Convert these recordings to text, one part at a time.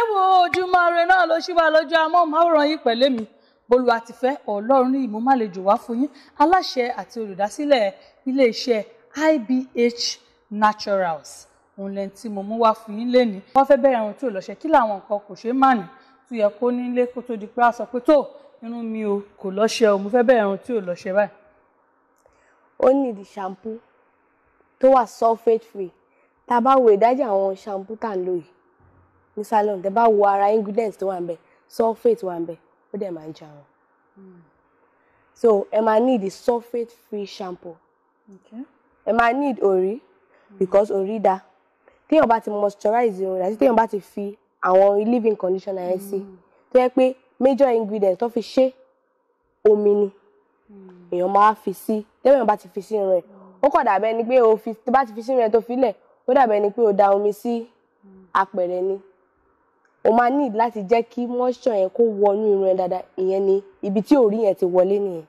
ẹ wo ojúmọ́ ire náà ló ṣì wà lójú amóhùnmáwòrán yìí pẹ̀lú mi bolúwa ti fẹ́ ọlọ́run ní ìmúmálejò wá fún yín aláṣẹ àti olùdásílẹ̀ iléeṣẹ́ IBH Naturals òun lẹ́ni tí mo mú wá fún yín lénìí wọ́n fẹ́ bẹ̀rẹ̀ ohun tí ò lọ́ṣẹ kí làwọn nǹkan kò ṣeé mà ní tó yẹ kó nílé kó tó di pé a sọ pé tó irun mi o kò lọ́ṣẹ o mo fẹ́ bẹ̀rẹ̀ ohun tí ò lọ́ṣẹ báyìí. ó ní ìdí shampoo tó wà sulfate free tá a bá wo ìdájì àwọn shampoo tá à lò yìí ní salon tẹ bá wo ara ingredients tó wà ń bẹ sulfate wà ń bẹ ó dẹ̀ máa ń jà wọn. Hmm. so ẹ máa need sulfate free shampoo ẹ máa need Ori hmm. because Ori da téèyàn bá ti moisturize irun rẹ̀ àti téèyàn bá ti fi àwọn leave-in conditioner yẹn sí hmm. tó yẹ pé major ingredients tó fi ṣe omi ni èèyàn máa fi sí tẹ́wọ̀n bá ti fi sí irun ẹ̀ ó kọ̀ dàbẹ́ ni pé o fi bá ti fi sí irun ẹ̀ tó fi ó dàbẹ́ ni pé o da omi sí apẹ̀rẹ̀ ni o máa ní láti jẹ́ kí moisture yẹn kó wọnú irun yẹn dáadáa ìyẹn ni ibi tí òrí yẹn ti wọlé nìyẹn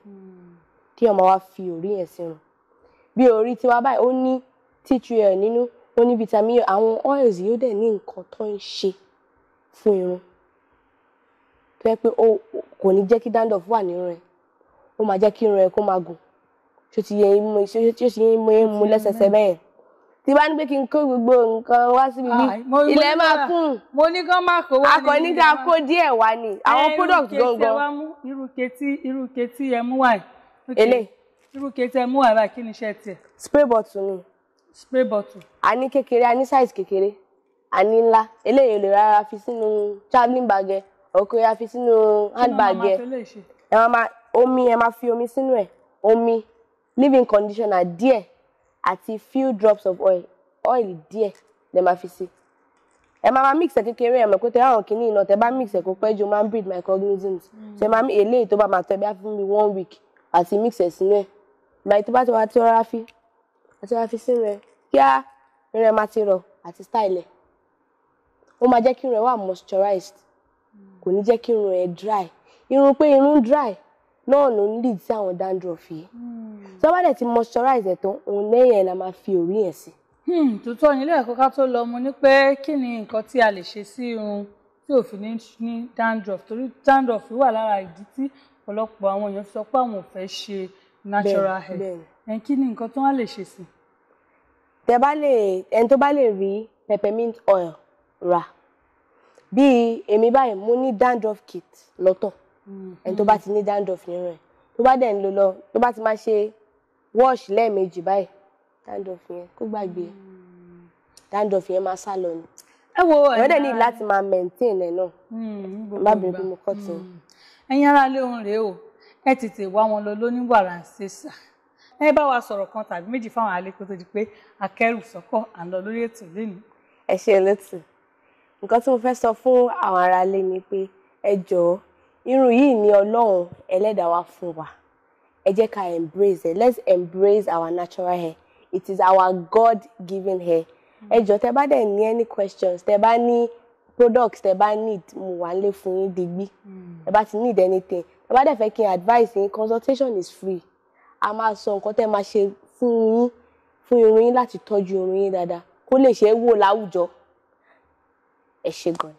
kí ọmọ wa fi òrí yẹn sírun bí orí tiwa báyìí ó ní tea tree oil nínú ó ní vitamin e, àwọn oils yóò dẹ̀ ní nǹkan tó ń ṣe fún irun tó yẹ pé kò ní jẹ́ kí dandruff wà nínú rẹ̀ ó máa jẹ́ kí irun rẹ̀ kó máa gùn ṣó ti yẹ mo ṣó lẹ́sẹsẹ bẹ́ẹ̀ tí bá ní pé kí n kó gbogbo nǹkan wá síbi bí ilẹ̀ máa kún mo ní kán má kó wá ní akọni ká kó díẹ̀ wá ni àwọn product gangan. irú ketí irú ketí ẹ mú wá yìí. ele. irú ketí ẹ mú wá báyìí kí ni iṣẹ́ tiẹ̀. spray bottle ni. spray bottle. a ní kékeré a ní size kékeré a ní ńlá eléyìí lè rárá fi sínú travelling bag ẹ ọkọ ya fi sínú handbag ẹ ẹ máa omi ẹ máa fi omi sínú ẹ omi living conditioner díẹ̀ àti few drops of oil oil díẹ̀ lẹ máa fi sí ẹ máa máa mix ẹ kékeré ẹ mọ̀ pé tẹ́lá àwọn kìíní iná tẹ́ bá mix ẹ kó pẹ́ jù máa breed microorganisms ṣe hmm. máa eléyìí tó bá máa tọ́ ẹ bí a fún mi one week àti mix ẹ sínú ẹ báyìí tó bá ti wá tí ọ̀rá fi àti ọ̀rá fi sínú ẹ kíá rẹ máa ti rọ àti style ẹ ó máa jẹ́ kí irun ẹ wà moisturized hmm. kò ní jẹ́ kí irun ẹ dry irun pé irun dry náà ló ń lead sí àwọn dandruff yìí. Hmm tó bá dẹ̀ ti moisturize ẹ̀ tán òun lẹ́yìn ẹ̀ la máa fi òrí yẹn sí. Hmm, tòótọ́ ni lẹ́ẹ̀kọ́ ká tó lọ mo ní pé kí ni nǹkan tí a lè ṣe sí irun tí ò fi ní ní dandruff torí dandruff wà lára ìdí tí ọ̀pọ̀lọpọ̀ àwọn èèyàn sọ pé àwọn ò fẹ́ ṣe natural hair ẹ̀ kí ni nǹkan tó wá lè ṣe sí. ẹni tó bá lè rí peppermint oil rà bíi èmi báyìí mo ní dandruff kit lọ́tọ̀ hmm, ẹni tó bá hmm. ti ní dandruff nínú ẹ̀ tó bá dẹ̀ ń lò lọ tó bá ti máa ṣe wash lẹ́ẹ̀mejì báyìí dandruff yẹn kó gbàgbé hmm. dandruff yẹn máa sá lọ ni ẹ wo ní láti máa maintain ẹ̀ náà hmm, bá bẹ̀rẹ̀ pé mo kọ́ ti. Hmm. ẹ̀yin ará ilé ohun rèé o ẹ tètè wá wọn lọ lóní wàrà ń ṣe ẹ bá wa sọ̀rọ̀ kan tàbí méjì fáwọn àlékún tó di pé akẹ́rù sọ́kọ̀ à ń lọ lórí ètò lónìí. ẹ ṣe lótì nǹkan tí mo fẹ́ sọ fún àwọn ará ni pé ẹ jọ̀ọ́ irun yìí ni Ọlọ́run ẹlẹ́dàá wa fún wa ẹ jẹ́ ká embrace ẹ̀ let's embrace our natural hair it is our God given hair ẹ jọ̀ọ́ tẹ bá dẹ̀ ní any questions tẹ bá ní products tẹ bá need mo wà nílé fún yín digbí tẹ bá ti need anything tẹ bá dẹ̀ fẹ́ kí n advice yín consultation is free a máa sọ nǹkan tẹ máa ṣe fún yín fún irun yín láti tọ́jú irun yín dáadáa kó lè ṣe é wò láwùjọ ẹ ṣe gan.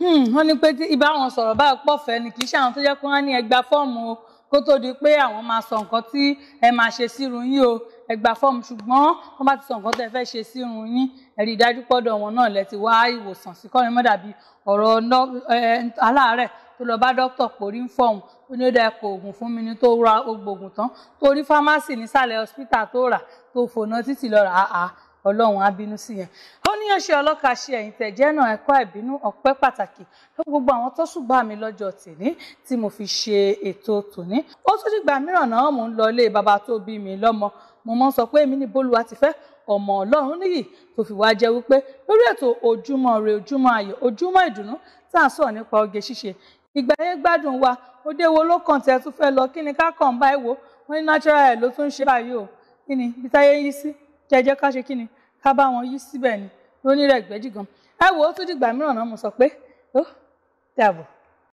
Hmm, wọ́n ní pé ibà wọn sọ̀rọ̀ báyìí pọ̀ fẹ́ ni kì í ṣe àwọn tó jẹ́ pé wọ́n á ní ẹgbàá fọ́ọ̀mù o kó tó di pé àwọn máa sọ nǹkan tí ẹ máa ṣe sírun yín o ẹ gba fọ́ọ̀mù ṣùgbọ́n wọ́n bá ti sọ nǹkan tẹ́ fẹ́ ṣe sírun yín ẹ rí i dájú pọ́dọ̀ wọn náà lẹ ti wá ìwòsàn sí kọ́ni mọ́ dàbí ọ̀rọ̀ aláàárẹ̀ tó lọ bá dókítà porí ń fọ̀hún ó ní ó dá ẹ̀kọ́ oògùn fún mi ní tó ra oògùn tán tó rí fámásì nísàlẹ̀ hospital tó rà tó fònà títì lọ rà á ọlọ́run á bínú sí yẹn oníyanṣe ọlọ́kàṣe ẹ̀yìn tẹ̀jẹ́ náà ẹ̀kọ́ ìbínú ọ̀pẹ́ pàtàkì fún gbogbo àwọn tó ṣùgbọ́n mi lọ́jọ́ tèmi tí mo fi ṣe ètò tòní. ó tún dìgbà mìíràn náà mò ń lọ ilé bàbá tó bí mi lọ́mọ mo mọ́ sọ pé èmi ni bólúwa ti fẹ́ ọmọ ọlọ́run nìyí tó fi wá jẹ́ wípé lórí ètò ojúmọ́ rẹ ojúmọ́ ayọ̀ ojúmọ́ ìdùnnú tá à ń sọ̀rọ̀ nípa oge ṣíṣe ìgbà yẹn gbádùn wa òde wo ló kàn tẹ́ tún fẹ́ lọ kí ni ká kàn bá ẹ wò wọ́n ní natural ẹ̀ ló tún ń ṣe báyìí o kí ni bí táyé yí sí jẹ́jẹ́ ká ṣe kí ni ká bá wọn yí síbẹ̀ ni onírẹ̀gbẹ́jì gan ẹ wò ó tún dìgbà mìíràn náà mo sọ pé ó dàbọ̀.